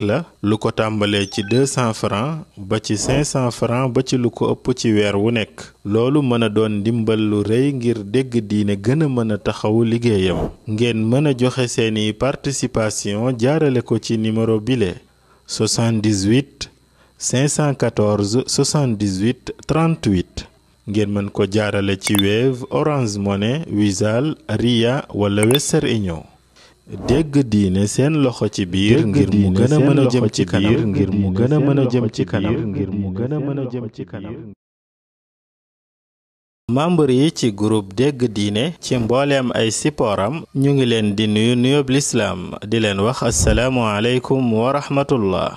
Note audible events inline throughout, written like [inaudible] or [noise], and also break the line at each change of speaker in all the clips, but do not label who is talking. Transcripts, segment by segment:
la lu ko tàmbalee ci 200 francs ba ci 500 francs ba ci lu ko ëpp ci weer wu nekk loolu mën a doon ndimbal lu rëy ngir dégg diine gën a mën a taxawu liggéeyam ngeen mën a joxe seeni participation jaarale ko ci numéro bile 78 514 78 38 ngeen mën ko jaarale ci Wave Orange Money Wizall Ria wala Western dégg diine seen loxo ci biir ngir mu gën a mën ci kanam ngir mu gën a jëm ci kanam ngir mu gën a jëm ci kanam yi ci groupe dégg diine ci mbooleem ay sipooram ñu ngi leen di nuyu nuyoob lislaam di leen wax asalaamu aleykum wa rahmatullah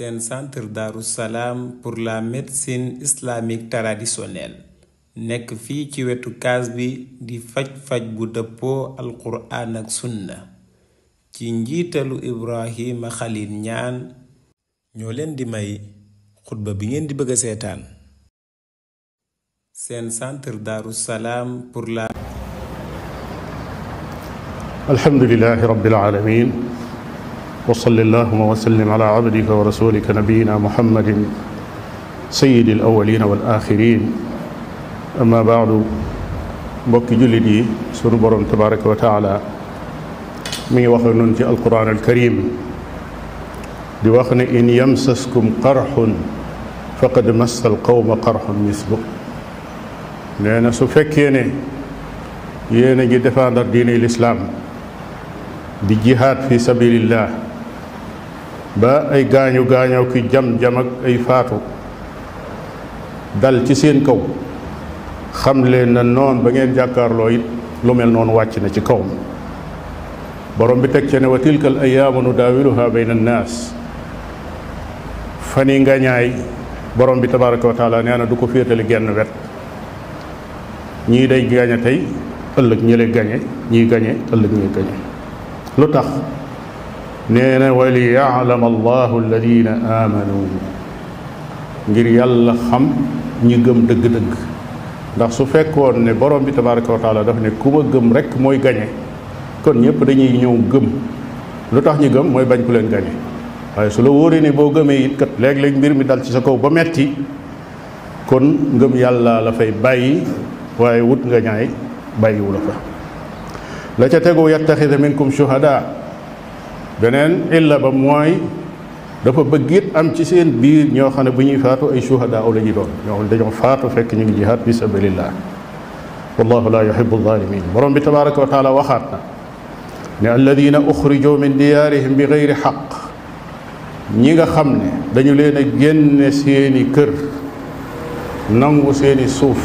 seen centre Darou Salam pour la médecine islamique traditionnelle nekk fii ci wetu kaas bi di faj-faj bu dëppoo alquraan ak sunna ci njiitalu Ibrahima Khalil ñaan ñoo leen di may xutba bi ngeen di bëgg a seetaan seen centre Darou Salam pour la
alhamdulillahi rabbil alamin وصل اللهم وسلم على عبدك ورسولك نبينا محمد سيد الأولين والآخرين أما بعد mbokki jullit yi sunu borom tabaraka wa taala mi ngi wax ak nun ci alquran alkarim di wax ne in yamsaskum qarxun faqad massa alqawma qarxun mislu nee na su fekkee ne yéen a ngi défendre diine lislaam di jihaad fi sabilillah ba ay gaañu gaañoo ki jam-jam ak ay faatu dal ci seen kaw xam leen na noon ba ngeen jàkkaarloo it lu mel noonu wàcc na ci kaw kawam borom bi teg ca ne wa tilkal ayaamu nu daawiluha bayna annaas fan yi nga ñaay borom bi tabaraka wa taala nee na du ko féetali genn wet ñii day gañe tey ëllëg ñi lay gañe ñii gañe ëllëg ñi gañe lu tax nee na wali yaalam allahu alladina amanu ngir yàlla xam ñi gëm dëgg-dëgg ndax su fekkoon ne borom bi tabaraka wa taala ne ku ma gëm rek mooy gañe kon ñëpp dañuy ñëw gëm lu tax ñu gëm mooy bañ ku leen gañe waaye su la wóoree ne boo gëmee kat léeg-léeg mbir mi dal ci sa kaw ba metti kon ngëm yàlla la fay bàyyi waaye wut nga ñaay bàyyiwu la fa la ca tegu yattaxida minkum shuhada beneen illa ba mooy dafa bëgg it am ci seen biir ñoo xam ne bu ñuy faatu ay shuhadaa la ñu doon ñoo xam dañoo faatu fekk ñu ngi jihaad fi sabilillah wallahu la yuhibu zalimin borom bi tabaraka wa taala waxaat na ne alladina uxrijoo min ñi nga xam ne dañu leen a génne seeni kër nangu seeni suuf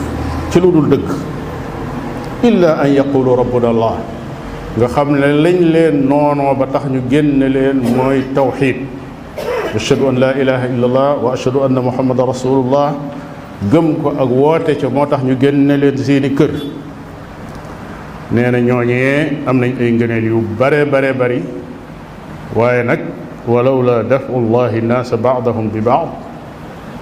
ci lu dul dëgg illa an yaqulu rabbuna allah nga xam ne lañ leen noonoo ba tax ñu génne leen mooy tawxiid ashhadu an laa ilaha illa allah wa ashhadu anna muhammadan rasulullah gëm ko ak woote moo tax ñu génne leen seeni kër nee na ñooñee am nañ ay ngëneel yu bare bare bari waaye nag walaw la dafu llahi nnaasa baadahum bi baad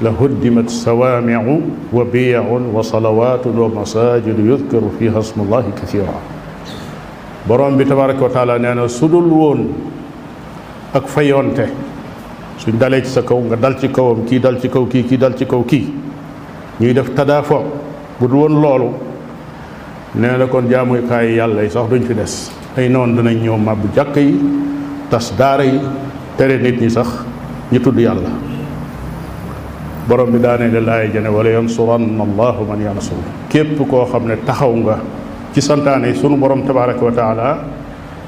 la huddimat sawaamiu wa biyaun wa salawatun wa masajidu yudkaru fiha smullahi kathira borom bi tabaraka wa taala nee na su dul woon ak fayonte suñ dalee ci sa kaw nga dal ci kawam kii dal ci kaw kii kii dal ci kaw kii ñuy def tadaafo bu dul woon loolu nee na kon jaamukaay yi yàlla yi sax duñ fi des ay noonu dinañ ñëw bu jàkk yi tas daara yi tere nit ñi sax ñu tudd yàlla borom bi daanee la laay jane wala yansuranna allahu man yansur képp koo xam ne taxaw nga ci santaane yi sunu borom tabaraka wa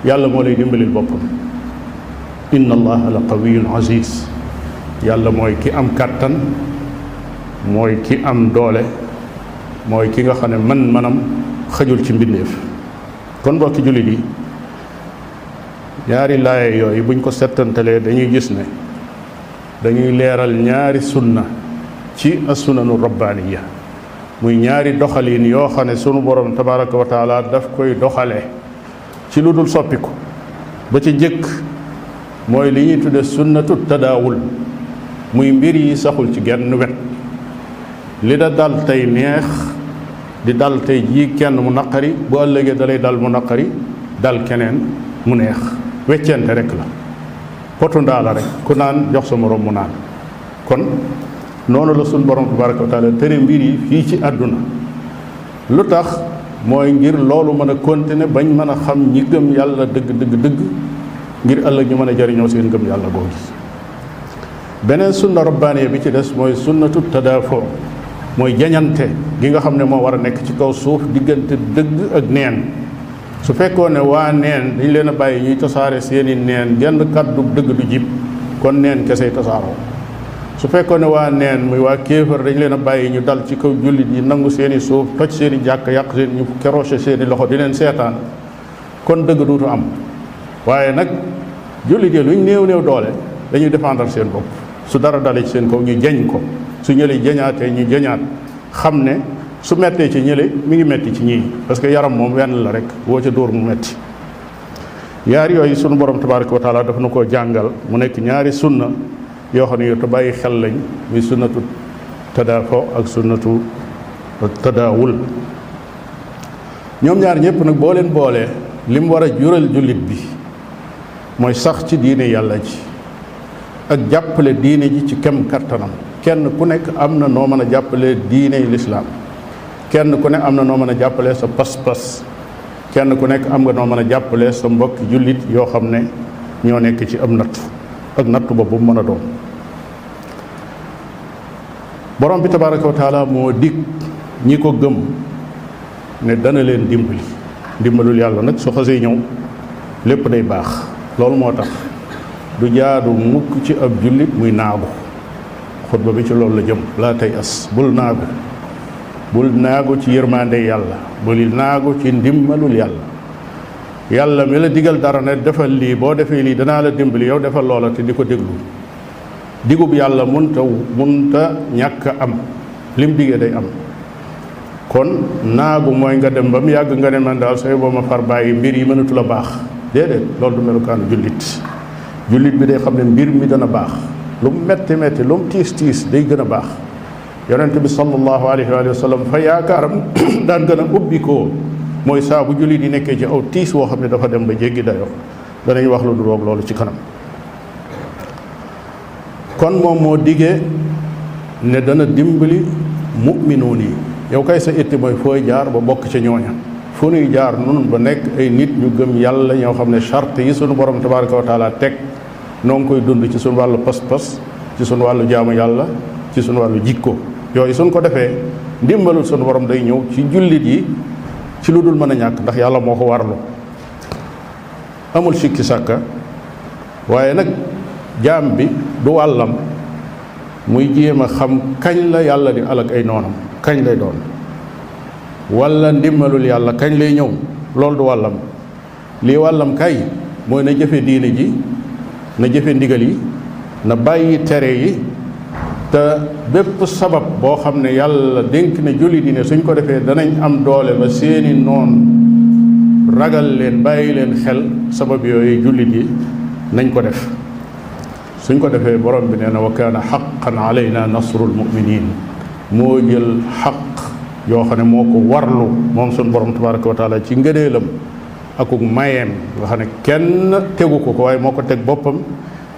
yàlla moo lay dimbalil boppam inna allaha la qawiyun aziz yàlla mooy ki am kàttan mooy ki am doole mooy ki nga xam ne man manam xajul ci mbindeef kon mbokki jullit yi ñaari laaye yooyu buñ ko settantalee dañuy gis ne dañuy leeral ñaari sunna ci as sunanu rabbaaniya muy ñaari doxalin yoo xam ne sunu borom tabaraka wa daf koy doxale ci lu dul soppiku ba ci njëkk mooy li ñuy tudde sunnatu tadaawul muy mbir yi saxul ci genn wet li da dal tey neex di dal tey jii kenn mu naqari bu ëllëgee dalay dal mu naqari dal keneen mu neex weccent rekk la potu ndaa la rek ku naan jox sa morom mu naan kon noonu la suñ borom bu wa taala tëre mbir yi fii ci àdduna lu tax mooy ngir loolu mën a kontine bañ mën a xam ñi gëm yàlla dëgg dëgg dëgg ngir ëllëg ñu mën a jariñoo seen gëm yàlla googu beneen sunna rabbaaniya bi ci des mooy sunnatu tadaafo mooy jañante gi nga xam ne moo war a nekk ci kaw suuf diggante dëgg ak neen su fekkoo ne waa neen dañ leen a bàyyi ñuy tasaare seeni neen genn kàddu dëgg du jib kon neen kesey tasaaroo su fekkoon ne waa neen muy waa kéefar dañ leen a bàyyi ñu dal ci kaw jullit yi nangu seeni i suuf toj seen i jàkk yàq seen ñu keroche seen i loxo di leen seetaan kon dëgg duutu am waaye nag jullit yi luñ néew néew doole dañuy défendre seen bopp su dara dalee ci seen kaw ñu jeñ ko su ñële jeñaatee ñu jeñaat xam ne su mettee ci ñële mi ngi metti ci ñii parce que yaram moom wenn la rek woo ca dóor mu metti yaar yooyu sunu borom tabaraka wa taala dafa na koo jàngal mu nekk ñaari sunna yoo xam ne yu te bàyyi xel lañ muy sunnatu tadaafo ak sunnatu tadaawul ñoom ñaar ñëpp nag boo leen boolee li mu war a jural jullit bi mooy sax ci diine yàlla ji ak jàppale diine ji ci kem kattanam kenn ku nekk am na noo mën a jàppale diine lislaam kenn ku ne am na noo mën a jàppale sa pas-pas kenn ku nekk am nga noo mën a jàppale sa mbokki jullit yoo xam ne ñoo nekk ci am nattu ak nattu boobu mën a doon borom bi tabaraka wa taala moo dig ñi ko gëm ne dana leen dimbali dimbalul yàlla nag su xasee ñëw lépp day baax loolu moo tax du jaadu mukk ci ab jullit muy naagu xutba bi ci loolu la jëm laa tey as bul naagu bul naagu ci yërmande yàlla bul naagu ci ndimbalul yàlla yàlla mi la digal dara ne defal lii boo defee lii danaa la dimbali yow defal loola te di ko déglu digub yàlla mun taw munta munta ñàkk am lim digee day am kon naagu mooy nga dem ba mu yàgg nga ne man daal sooy boo ma far bàyyi mbir yi mënatu la baax déedéet loolu du melukaanu jullit jullit bi day xam ne mbir mi dana baax lu mu metti metti lu mu tiis tiis day gën a baax yonent bi sallallahu alayhi wa sallam fa yaakaaram [coughs] daan gën a ubbi ko mooy saa bu jullit yi nekkee ci aw tiis woo xam ne dafa dem ba jéggi dayoo danañ wax lu du roog loolu ci kanam kon moom moo diggee ne dana dimbali mu'minoon yi yow kay sa itti mooy fooy jaar ba bokk ci ñooña foo nuy jaar nun ba nekk ay nit ñu gëm yàlla ñoo xam ne charte yi sunu borom tabaraka wa taala teg noo ngi koy dund ci sunu wàllu pas-pas ci sunu wàllu jaamu yàlla ci sunu wàllu jikko yooyu suñ ko defee ndimbalul sunu borom day ñëw ci jullit yi ci lu dul mën a ñàkk ndax yàlla moo ko warlu amul sikki sàkka waaye nag jaam bi du wàllam muy jéem a xam kañ la yàlla di alak ay noonam kañ lay doon wala ndimbalul yàlla kañ lay ñëw loolu du wàllam lii wàllam kay mooy na jëfe diine ji na jëfe ndigal yi na bàyyi tere yi te bépp sabab boo xam ne yàlla dénk ne jullit di ne suñ ko defee danañ am doole ba seeni noon ragal leen bàyyi leen xel sabab yooyu jullit yi nañ ko def suñ ko defee borom bi nee na wa kaana xaqan alayna nasrul muminin moo jël xaq yoo xam ne moo ko warlu moom suñ borom tabaraka wa taala ci ngëneelam akuk mayeem nga xam ne kenn tegu ko ko waaye moo ko teg boppam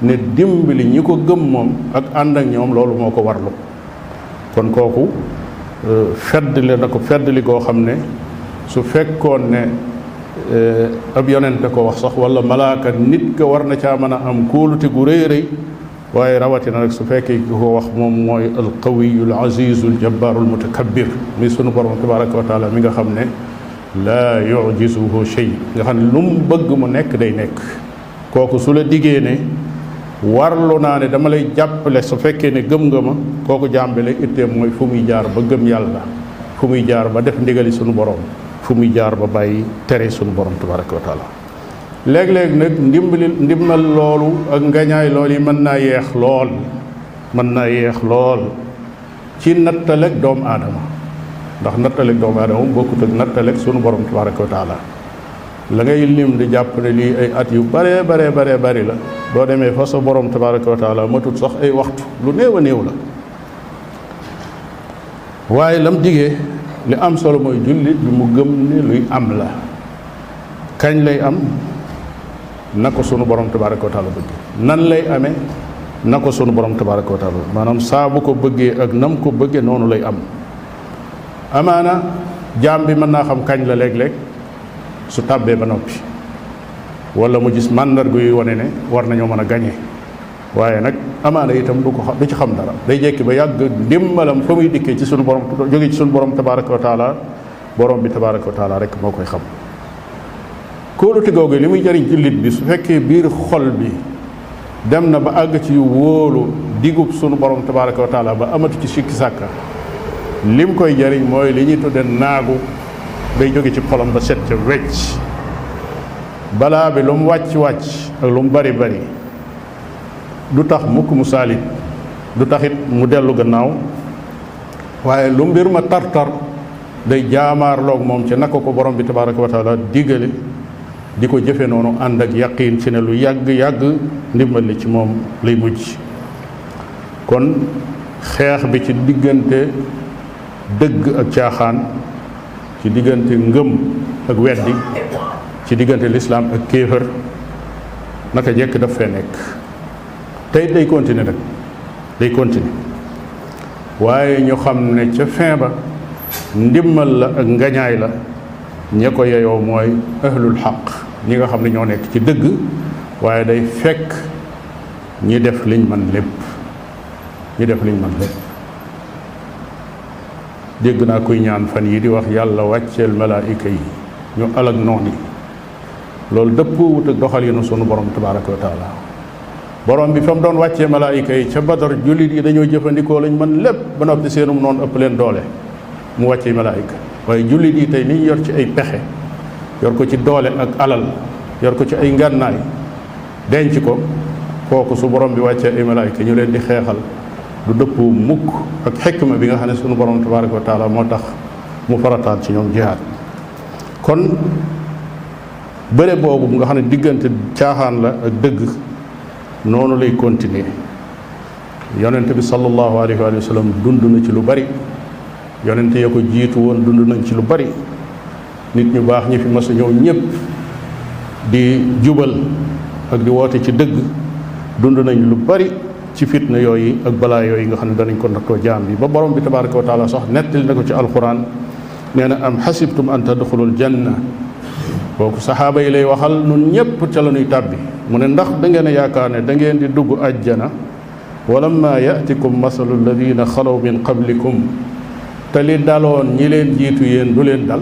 ne dimbali ñi ko gëm moom ak ànd ak ñoom loolu moo ko warlu kon kooku euh, feddli na ko feddli goo xam ne su fekkoon ne Euh, ab yonent ko wax sax wala malaaka nit ka war na caa mën a am kóolute gu rëy rëy waaye rawatina nag su fekkee ki ko wax moom mooy alqawiyu alazizu aljabaaru almutakabbir mi sunu mu tabaraka wa taala mi nga xam ne laa yujizuhu shay nga xam ne lu mu bëgg mu nekk day nekk kooku su la diggee ne warlu naa ne dama lay jàppale su fekkee ne gëm nga ma kooku jàmbale itteem mooy fu muy jaar ba gëm yàlla fu muy jaar ba def ndigali sunu borom fu muy jaar ba bàyyi tere sunu borom tabaraka wa taala léeg-léeg nag ndimbali ndimbal loolu ak ngañaay lool yi mën naa yeex lool mën naa yeex lool ci nattaleg doomu aadama ndax nattaleg doomu aadama bokkut ak nattaleg sunu borom tabaraka wa taala la ngay lim di jàpp ne lii ay at yu bare bare bare bari la boo demee fa sa borom tabaraka wa taala matut sax ay waxtu lu néew néew la waaye lam digee li am solo mooy jullit bi mu gëm ne luy am la kañ lay am na ko sunu borom tabaraka wa bëgg nan lay amee na ko sunu borom tabaraka wa taala saa bu ko bëggee ak nam ko bëggee noonu lay am amaana jaam bi mën naa xam kañ la léeg-léeg su tàbbee ba noppi walla mu gis màndarga yu wone ne war nañoo mën a gañe waaye nag amaana itam du ko du ci xam dara day jekki ba yàgg ndimbalam fa muy dikkee ci sunu borom jóge ci sunu borom tabaraka taala borom bi tabaraka wa taala moo koy xam kóolute googu li muy jariñ jullit bi su fekkee biir xol bi dem na ba àgg ci wóolu digub sunu borom tabaraka ba amatu ci sikki sàkka lim koy jariñ mooy li ñuy tudde naagu day jóge ci xolam ba set ca wecc balaa bi lu mu wàcc wàcc ak lu mu bari bari du tax mukk mu saali du taxit mu dellu gannaaw waaye lu mbir ma tar-tar day loog moom ci naka ko borom bi tabaraka wa taala di ko jëfe noonu ànd ak yaqiin ci ne lu yàgg-yàgg ndimbal ci moom lay mujj kon xeex bi ci diggante dëgg ak caaxaan ci diggante ngëm ak weddi ci diggante lislaam ak kéefër naka jekk daf fee nekk tey day continuer nag day continuer waaye ñu xam ne ca fin ba ndimmal la ak ngañaay la ña ko yeyoo mooy ahlul xaq ñi nga xam ne ñoo nekk ci dëgg waaye day fekk ñi def liñ man lépp ñi def liñ man lépp dégg naa kuy ñaan fan yi di wax yàlla wàcceel malaayika yi ñu alag noon yi loolu dëpp wut ak doxalinu sunu borom tabaaraka wa taala borom bi fa mu doon wàccee malaayika yi ca badar jullit yi dañoo jëfandikoo lañu mën lépp ba noppi seenum noonu ëpp leen doole mu wàccee malaayika waaye jullit yi tey ni yor ci ay pexe yor ko ci doole ak alal yor ko ci ay ngànnaay denc ko kooku su borom bi wàccee ay malaayika ñu leen di xeexal du dëpp mukk ak xikma bi nga xam ne sunu borom tabaraka wa taala moo tax mu farataal ci ñoom jihaad kon bëre boobu nga xam ne diggante caaxaan la ak dëgg noonu lay continuer yonent bi sallallahu alayhi wa sallam dund na ci lu bari yonent ya ko jiitu woon dund nañ ci lu bari nit ñu baax ñi fi mas ñëw ñépp di jubal ak di woote ci dëgg dund nañ lu bari ci fitna yooyu ak balaa yooyu nga xam ne danañ ko nattoo jaam bi ba borom bi tabaraka wa taala sax nettali na ko ci alquran nee na am xasibtum an tadxulul janna kooku saxaaba yi lay waxal nun ñépp ca la ñuy tàbbi mu ne ndax dangeen yaakaar ne da ngeen di dugg ajjana walamma yatikum masalu alladina xalaw min qablikum te li daloon ñi leen jiitu yéen du leen dal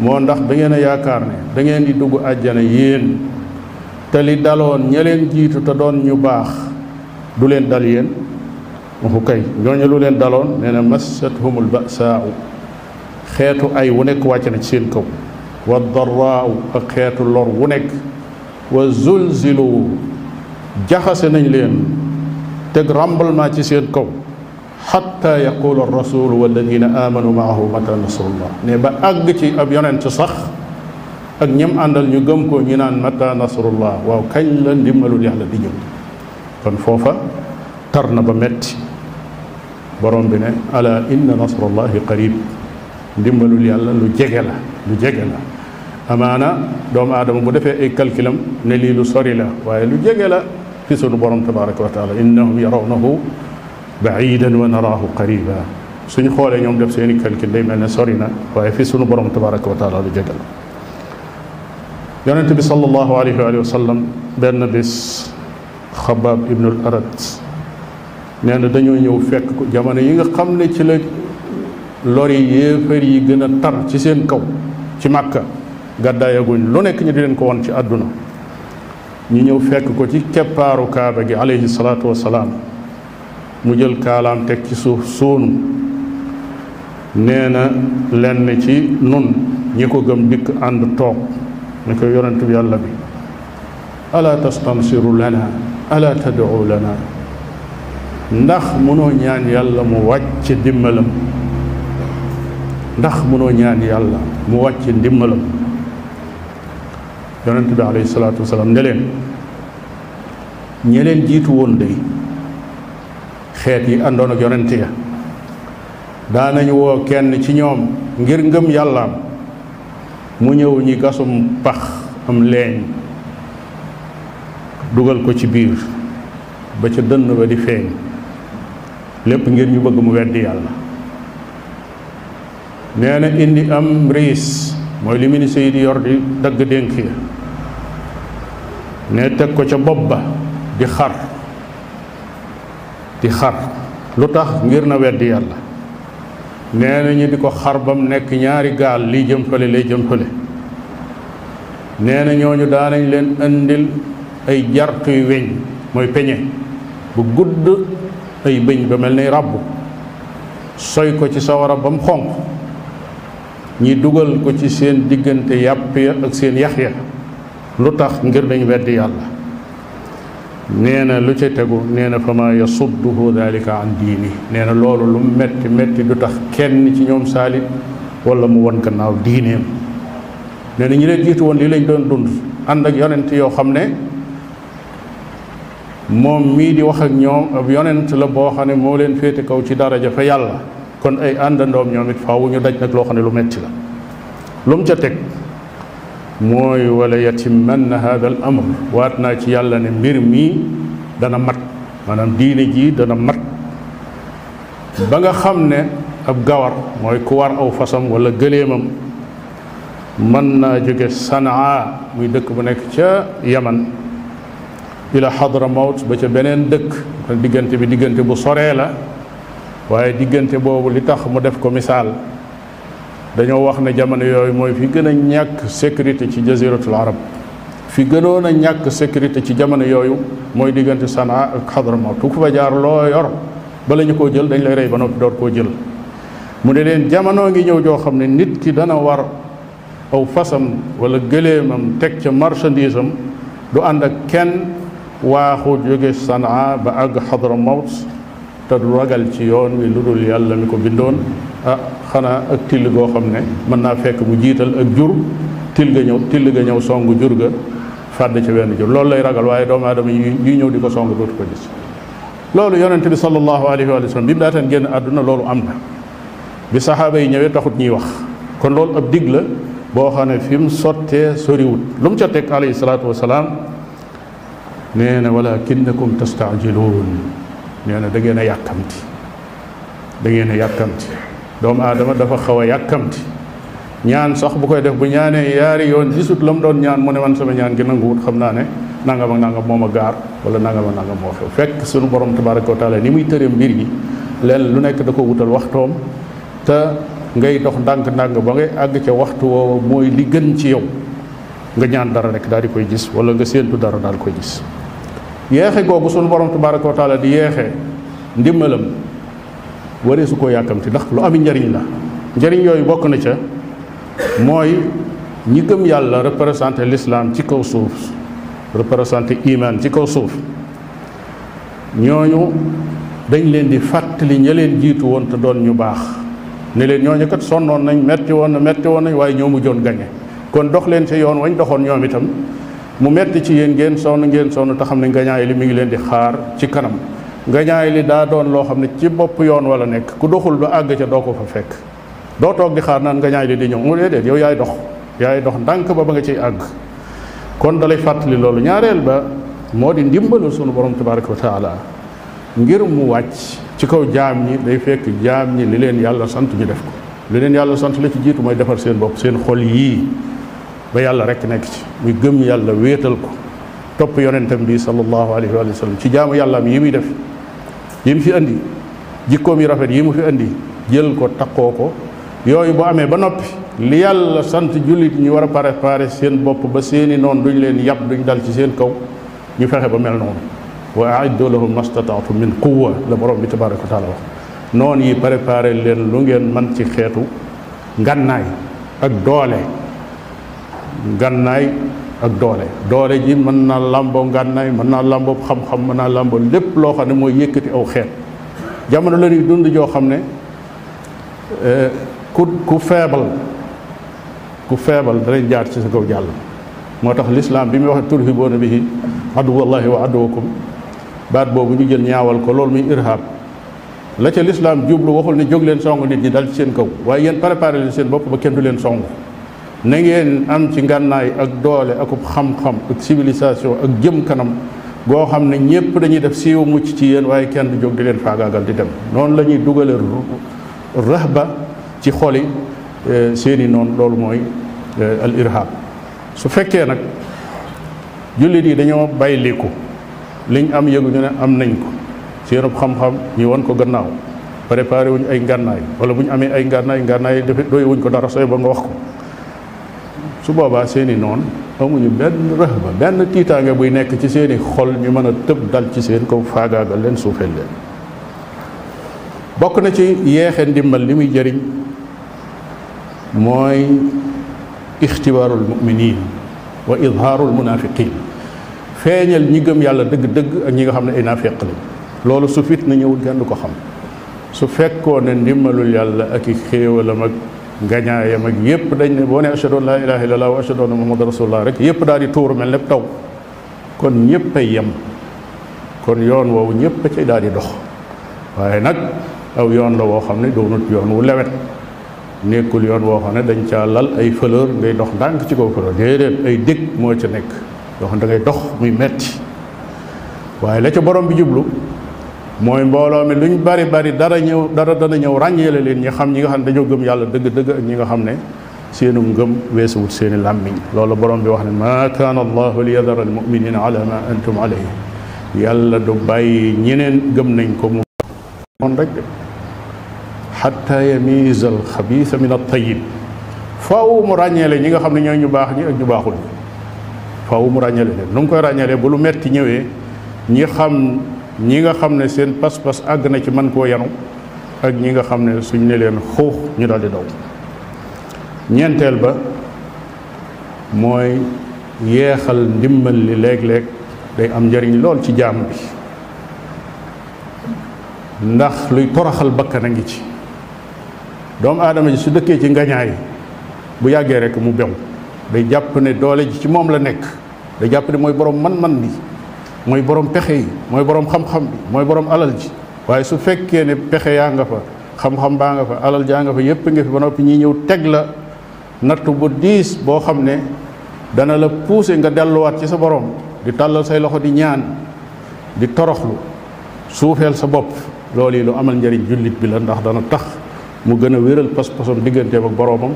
moo ndax dangeen a yaakaar ne da di dugg ajjana yéen te li daloon ña leen jiitu te doon ñu baax du leen dal yéen waxu kay ñooñu lu leen daloon nee na massathumul basaau xeetu ay wu nekk wàcc na ci seen kaw wa darraaw ak xeetu lor wu nekk wa zulzilu jaxase nañ leen teg remblement ci seen kaw xatta yaqula rasulu walladina amanu maahu mata nasrullah ne ba àgg ci ab yonent sax ak ñem àndal ñu gëm ko ñu naan mata nasrullah waaw kañ la ndimbalul yàlla di ñëw kon foofa tar na ba metti borom bi ne ala inna nasrullahi qarib ndimbalul yàlla lu jege la lu jege la amaana doomu aadama bu defee ay calculam ne lii lu sori la waaye lu jege la fi sunu borom tabaraka wa taala innahum yarawnahu baidan wa naraahu qariba suñ xoolee ñoom def seeni i day mel ne sori na waaye fi suñu borom tabaraka wa taala lu jege la yonente bi salallahu alayhi wa sallam benn bis xabaab ibnul arat nee dañoo ñëw fekk ko jamono yi nga xam ne ci la lori yéefar yi gën a tar ci seen kaw ci màkka gàddaayaguñ lu nekk ñu di leen ko won ci àdduna ñu ñëw fekk ko ci keppaaru kaaba gi aleyhi salaatu wasalaam mu jël kaalaam teg ci suuf suunu nee na lenn ci nun ñi ko gëm dikk ànd toog ne ko bi yàlla bi ala tastansiru lana ala tad'u lana ndax mënoo ñaan yàlla mu wàcc dimbalam ndax mënoo ñaan yàlla mu wàcc ndimbalam yonent bi alayhi salaatu wasalaam ne leen ñe jiitu woon day xeet yi àndoon ak yonent ya daanañu woo kenn ci ñoom ngir ngëm yàllaam mu ñëw ñi gasum pax am leeñ dugal ko ci biir ba ca dënn ba di feeñ lépp ngir ñu bëgg mu weddi yàlla nee na indi am riis mooy li ministre yi di yor di dagg dénk ya ne teg ko ca bopp ba di xar di xar lu tax ngir na weddi yàlla nee na ñu di ko xar ba mu nekk ñaari gaal liy jëm lay jëm nee na ñooñu daanañ leen indil ay jartuy weñ mooy peñe bu gudd ay bëñ ba mel ni ràbb soy ko ci sawara ba mu xonq ñi dugal ko ci seen diggante yàpp ya ak seen yax ya lu tax ngir dañ weddi yàlla nee na lu ca tegu nee na fa ma yasudduhu dalika an diini nee na loolu metti metti tax kenn ci ñoom saalit wala mu won gannaaw diineem nee na ñi leen jiitu woon lii lañ doon dund ànd ak yonent yoo xam ne moom mii di wax ak ñoom ab yonent la boo xam ne moo leen féete kaw ci daraja fa yàlla kon ay àndandoom ñoom it faaw daj nag loo xam ne lu metti la lu ca teg mooy wala yatimanna hada al amr waat naa ci yàlla ne mbir mii dana mat manaam diine jii dana mat ba nga xam ne ab gawar mooy kuwar aw fasam wala gëleemam mën naa jóge sanaa muy dëkk bu nekk ca yaman ila xadra mawt ba ca beneen dëkk diggante bi diggante bu soree la waaye diggante boobu li tax mu def ko misaal dañoo wax ne jamono yooyu mooy fi gën a ñàkk sécurité ci jaziratul arab fi gënoon a ñàkk sécurité ci jamono yooyu mooy diggante Sanaa ak Xadramaut ku fa jaar loo yor bala ñu koo jël dañ lay rey ba noppi door koo jël mu ne leen jamono ngi ñëw joo xam ne nit ki dana war aw fasam wala gëleemam teg ca marchandise am du ànd ak kenn waaxu jóge Sanaa ba àgg Xadramaut te du ragal ci yoon wi lu dul yàlla mi ko bindoon ah xanaa ak till goo xam ne mën naa fekk mu jiital ak jur till ga ñëw till ga ñëw songu jur ga fàdd ci wenn jur loolu lay ragal waaye doomu aadama yuy ñëw di ko song dootu ko gis loolu yonente bi sallallahu alayhi bi mu daataan génn loolu am na bi saxaaba yi ñëwee taxut ñuy wax kon loolu ab dig la boo xam ne fi mu sottee soriwut lu mu ca teg alayhi salaatu wasalaam nee na walakinakum tastaajiluun nee na da ngeen a yàkkamti da ngeen a yàkkamti doomu aadama dafa xawa a yàkkamti ñaan sax bu koy def bu ñaanee yaari yoon gisut la mu doon ñaan mu ne man sama ñaan gi nanguwut xam naa ne nangam ak nangam moom gaar wala nangam ma nangam moo xew fekk sunu borom tabaraka wa taala ni muy tëree mbir yi leen lu nekk da ko wutal waxtoom te ngay dox ndànk-ndànk ba ngay àgg ca waxtu woowa mooy li gën ci yow nga ñaan dara rek daal di koy gis wala nga séentu dara daal koy gis yeexe googu sunu borom tabaraka wa taala di yéexe ndimbalam waree su koo yàkkamti ndax lu ami njariñ la njariñ yooyu bokk na ca mooy ñi gëm yàlla représenté l'islam ci kaw suuf représenté imaan ci kaw suuf ñoo ñooñu dañ leen di fàttali ña leen jiitu woon te doon ñu baax ne leen ñooñu kat sonnoon nañ metti woon na metti woon nañ waaye ñoo mujjoon gañe kon dox leen ca yoon wañ doxoon ñoom itam mu metti ci yéen ngeen sonn ngeen sonn te xam ne ngañaay li mu ngi leen di xaar ci kanam ngañaay li daa doon loo xam ne ci bopp yoon wala nekk ku doxul ba àgg ca doo ko fa fekk doo toog di xaar naan ngañaay li di ñëw mu déedéet yow yaay dox yaay dox ndànk ba ba nga ciy àgg kon dalay fàttali loolu ñaareel ba moo di ndimbalu sunu borom tabaraka wa taala ngir mu wàcc ci kaw jaam ñi day fekk jaam ñi li leen yàlla sant ñu def ko li leen yàlla sant la ci jiitu mooy defar seen bopp seen xol yii ba yàlla rek nekk ci muy gëm yàlla wéetal ko topp yonentam bi sallallahu alayhi wa sallam ci jaamu am yi muy def yi mu fi andi jikkoom yi rafet yi mu fi andi jël ko takkoo ko yooyu bu amee ba noppi li yàlla sant jullit ñi war a préparer seen bopp ba seeni noonu duñu leen yàpp duñ dal ci seen kaw ñu fexe ba mel noonu wa aiddu lahum mastataatum min quwa la borom bi tabaraka wa taala wax noonu yi préparer leen lu ngeen man ci xeetu ngànnaay doole ngànnaay ak doole doole ji mën naa làmboo ngànnaay mën naa làmboo xam-xam mën naa làmboo lépp loo xam ne mooy yëkkati aw xeet jamono la ñuy dund joo xam ne euh, ku ku feebal ku feebal danañ jaar ci sa kaw jàll moo tax lislaam bi muy wax turhiboona bihi aduwallahi wa aduwakum baat boobu ñu jël ñaawal ko loolu muy irhab la ca lislaam jublu waxul ne jóg leen song nit ñi dal ci seen kaw waaye yéen préparé leen seen bopp ba kenn du leen song na ngeen am ci ngànnaay ak doole akub xam-xam ak civilisation ak jëm kanam goo xam ne ñépp dañuy def siiw mucc ci yéen waaye kenn du jóg di leen faagaagal di dem noonu la ñuy dugale rahba ci xoli e, seeni noonu loolu mooy e, al su fekkee nag jullit yi dañoo bayliku liñ am yëguñu ne am nañ ko seenub xam-xam ñu wan ko gannaaw préparé wuñ ay ngannaay wala bu ñu amee ay ngànnaay ngànnaay def doy wuñ ko dara sooy ba nga wax ko su boobaa seeni i noon amuñu benn rëhba benn tiitaange buy nekk ci seen i xol ñu mën a tëb dal ci seen kaw faagaagal leen suufeel leen bokk na ci yeexe ndimbal li muy jariñ mooy ixtibaarul muminin wa idhaarul munafiqin feeñal ñi gëm yàlla dëgg-dëgg ak ñi nga xam ne ay naafeq lañ loolu su fit na ñëwul kenn du ko xam su fekkoon ne yàlla ak i xéewalam ak ngañaayam ak yëpp dañ ne boo ne ashadu an laa ilaha illallah wa ashadu anna muhammadu rasulullah rek yëpp daal di tuur mel lépp taw kon ñëpp a yem kon yoon woowu ñëpp a cay daal di dox waaye nag aw yoon la woo xam ne doonut yoon wu lewet nekkul yoon woo xam ne dañ ca lal ay fleur ngay dox ndànk ci kaw fleur déedéet ay dég moo ca nekk yoo xam ne da dox muy metti waaye la ca borom bi jublu mooy mbooloo mi ñu bari bari dara ñëw dara dana ñëw ràññeele leen ñi xam ñi nga xam ne dañoo gëm yàlla dëgg-dëgg ak ñi nga xam ne seenu ngëm weesuwut seeni làmmiñ loolu borom bi wax ne ma kaana allahu li yadara al muminina ala ma antum alayhi yàlla du bàyyi ñeneen gëm nañ ko mu noon rek de xatta yamiiza al xabiisa min al tayyib faaw ràññeele ñi nga xam ne ñooy ñu baax ñu ak ñu baaxul faaw mu ràññeele leen nu koy ràññeele bu lu metti ñëwee ñi xam ñi nga xam ne seen pas-pas àgg na ci man koo yanu ak ñi nga xam ne suñ ne leen xuux ñu daal di daw ñeenteel ba mooy yéexal ndimbal li léeg-léeg day am njariñ lool ci jaam bi ndax luy toroxal bakkan a ngi ci doomu aadama ji su dëkkee ci ngañaay bu yàggee rek mu bew day jàpp ne doole ji ci moom la nekk day jàpp ne mooy boroom man-man bi mooy boroom pexe yi mooy boroom xam-xam bi mooy borom alal ji waaye su fekkee ne pexe yaa nga fa xam-xam baa nga fa alal jaa nga fa yépp nga fi ba noppi ñi ñëw teg la nattu bu diis boo xam ne dana la pousser nga delluwaat ci sa borom di tàllal say loxo di ñaan di toroxlu suufeel sa bopp loolu yi amal njëriñ jullit bi ndax dana tax mu gën a wéral pas-pasam digganteem ak boroomam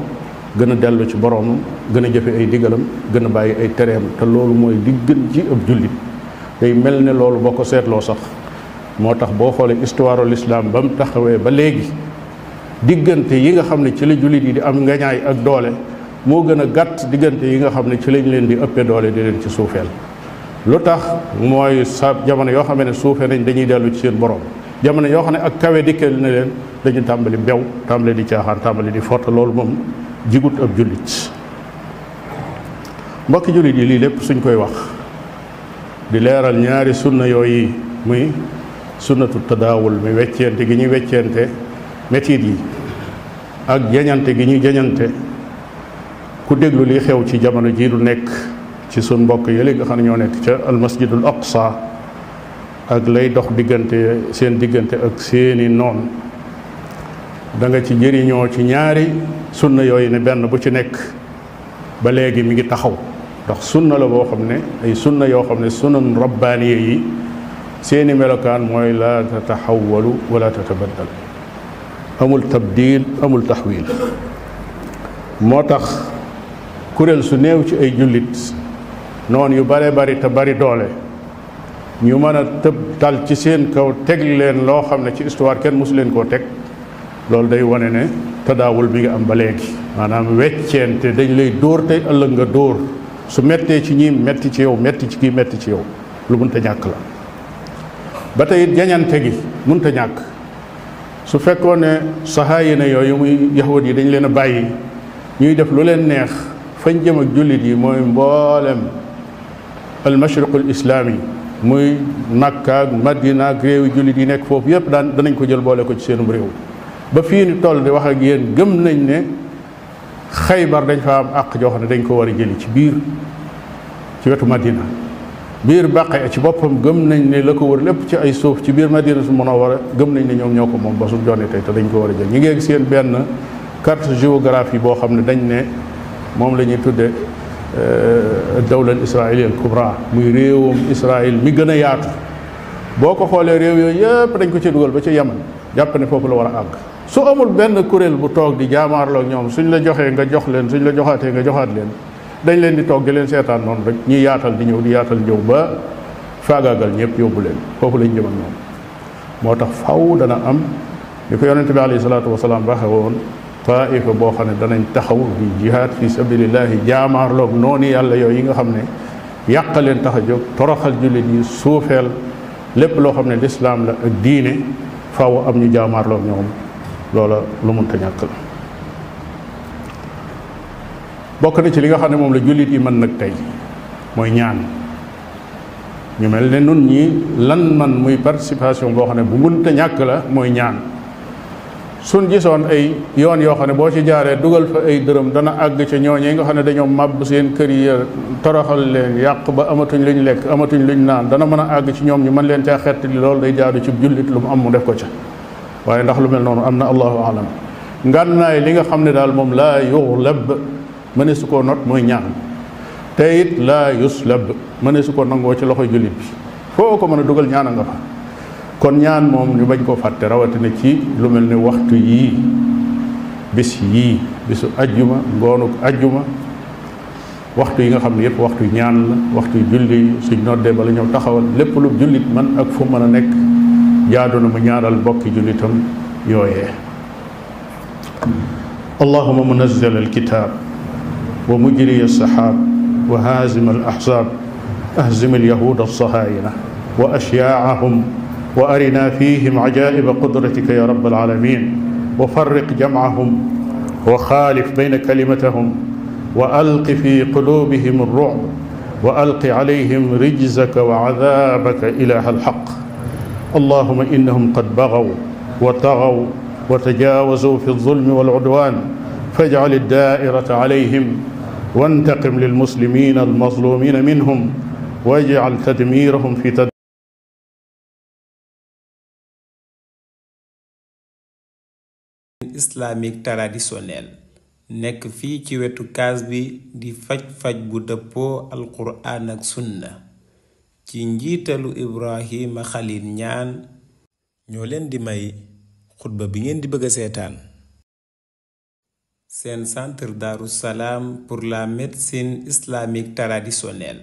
gën a dellu ci boroomam gën a jëfe ay digalam gën a bàyyi ay tereem te loolu mooy diggal ci ab jullit day mel ne loolu boo ko seetloo sax moo tax boo xoolee histoire l'islam ba mu taxawee ba léegi diggante yi nga xam ne ci la jullit yi di am ngañaay ak doole moo gën a gàtt diggante yi nga xam ne ci lañ leen di ëppee doole di leen ci suufeel lu tax mooy sa jamono yoo xam ne suufee nañ dañuy dellu ci seen borom jamono yoo xam ne ak kawe dikkal na leen dañu tàmbali bew tàmbali di caaxaan tàmbali di fott loolu moom jigut ab jullit mbokki jullit yi lii lépp suñ koy wax di leeral ñaari sunna yooyu muy sunnatu tadaawul mi weccente gi ñu weccente métit yi ak jañante gi ñu jañante ku déglu li xew ci jamono jii du nekk ci sun mbokk yële nga xam ne ñoo nekk ca almasjidul aqsa ak lay dox diggante seen diggante ak seeni noon danga ci jëriñoo ci ñaari sunna yooyu ne benn bu ci nekk ba léegi mi ngi taxaw ndax sunna la boo xam ne ay sunna yoo xam ne sunan rabbaaniye yi seeni melokaan mooy laa tataxawalu wala tatabaddal amul tabdil amul taxwil moo tax kuréel su néew ci ay jullit noon yu bare bari te bari doole ñu mën a tëb dal ci seen kaw teg leen loo xam ne ci histoire kenn mosu leen koo teg loolu day wane ne tadaawul bi nga am ba léegi maanaam weccente dañ lay dóor tey ëllëg nga dóor su mettee ci ñi metti ci yow metti ci kii metti ci yow lu mënta ñàkk la ba tey it gi mënta ñàkk su fekkoon ne saxaayi na yooyu muy yahud yi dañ leen a bàyyi ñuy def lu leen neex fañ jëm ak jullit yi mooy mboolem al mashriqul islaami muy Makka ak Madina ak réewi jullit yi nekk foofu yépp daan danañ ko jël boole ko ci seenum réew ba fii ni toll di wax ak yéen gëm nañ ne xaybar dañ fa am àq joo xam ne dañ ko war a jëli ci biir ci wetu madina biir baqe ci boppam gëm nañ ne la ko wër lépp ci ay suuf ci biir madina su mënoo war a gëm nañ ne ñoom ñoo ko moom ba su jonne tey te dañ ko war a jël ñu ngi seen benn carte géographie boo xam ne dañ ne moom la ñuy tudde euh, dawla israil al kubra muy réewum israil mi gën a yaatu boo ko xoolee réew yooyu yëpp dañ ko ci dugal ba ci yaman jàpp ne foofu la war a àgg su amul benn kuréel bu toog di jaamaarloog ñoom suñ la joxee nga jox leen suñ la joxaatee nga joxaat leen dañ leen di toog di leen seetaan noonu rek yaatal di ñëw di yaatal ñëw ba faagaagal ñëpp yóbbu leen foofu lañ jëmal moo tax faw dana am li ko yonente bi alayhi salaatu wasalaam waxe boo xam danañ taxaw di jihaad fi sabilillahi jaamaarloog noonu yàlla yooyu yi nga xam ne yàq leen tax a jóg toroxal jullit yi suufeel lépp loo xam ne lislaam la ak diine faw am ñu jaamaarloog ñoom loola lu mënta ñàkk la bokk na ci li nga xam ne moom la jullit yi mën nag tey mooy ñaan ñu mel ne nun ñi lan man muy participation boo xam ne bu mun te ñàkk la mooy ñaan suñ gisoon ay yoon yoo xam ne boo ci jaaree dugal fa ay dërëm dana àgg ci ca ñooñee nga xam ne dañoo màbb seen kër yi toroxal leen yàq ba amatuñ luñ lekk amatuñ luñ naan dana mën a àgg ci ñoom ñu mën leen caa xett li loolu day jaaru ci jullit lu mu am mu def ko ca waaye ndax lu mel noonu am na allahu alam ngànnaay li nga xam ne daal moom laa yuxlab mëne su ko not mooy ñaan te it laa yuslab mëne su ko nangoo ci loxo jullit bi foo ko mën a dugal ñaan a nga fa kon ñaan moom ñu bañ koo fàtte rawatina ci lu mel ni waxtu yii bis yii bisu ajjuma ngoonu ajjuma waxtu yi nga xam ne yëpp waxtu ñaan la waxtu julli suñ noddee bala ñëw taxawal lépp lu jullit man ak fu mën a nekk jaadu na mu ñaaral bokki jullitam yooyee allahuma munazil alkitab wa mujri alsaxaab wa haazim alaxzaab ahzim alyahuud alsahaayina wa ashyaacahum wa arina fihim ajaa'iba qudratika ya rabbal aalamiin wa farriq jamcahum wa xaalif bayna kalimatahum wa alqi fi quluubihim alrucb wa alqi calayhim rijzaka wa cadaabaka ilaaha alxaq allahuma innahum qad bagaw wa tagaw wa tajawazu fi alzulmi waludwan fajcal aldaairata calayhim wantaqim lilmuslimin almazlumin minhum wajcal tadmirahum fi tad islamique traditionnel nekk fii ci
wetu kaas bi di faj-faj bu dëppoo alquraan ak sunna ci njiitalu Ibrahima Khalil ñaan ñoo leen di may xutba bi ngeen di bëgg a seetaan seen centre Darussalam pour la médecine islamique traditionnelle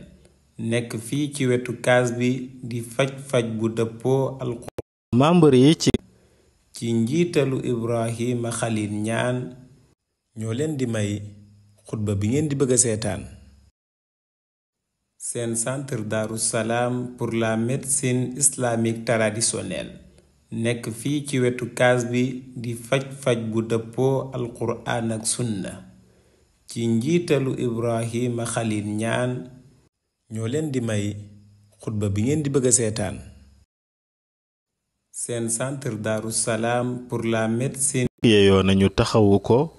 nekk fii ci wetu kaas bi di faj-faj bu dëppoo alquran membre yi ci ci njiitalu Ibrahima Khalil ñaan ñoo leen di may xutba bi ngeen di bëgg a seetaan seen centre Darou pour la médecine islamique traditionnelle nekk fii ci wetu kaas bi di faj-faj bu dëppoo alquraan ak sunna ci njiitalu Ibrahima Khalil Niane ñoo leen di may xutba bi ngeen di bëgga seetaan seen centre Darou Salam pour la médecine
yeeyoo nañu taxawu ko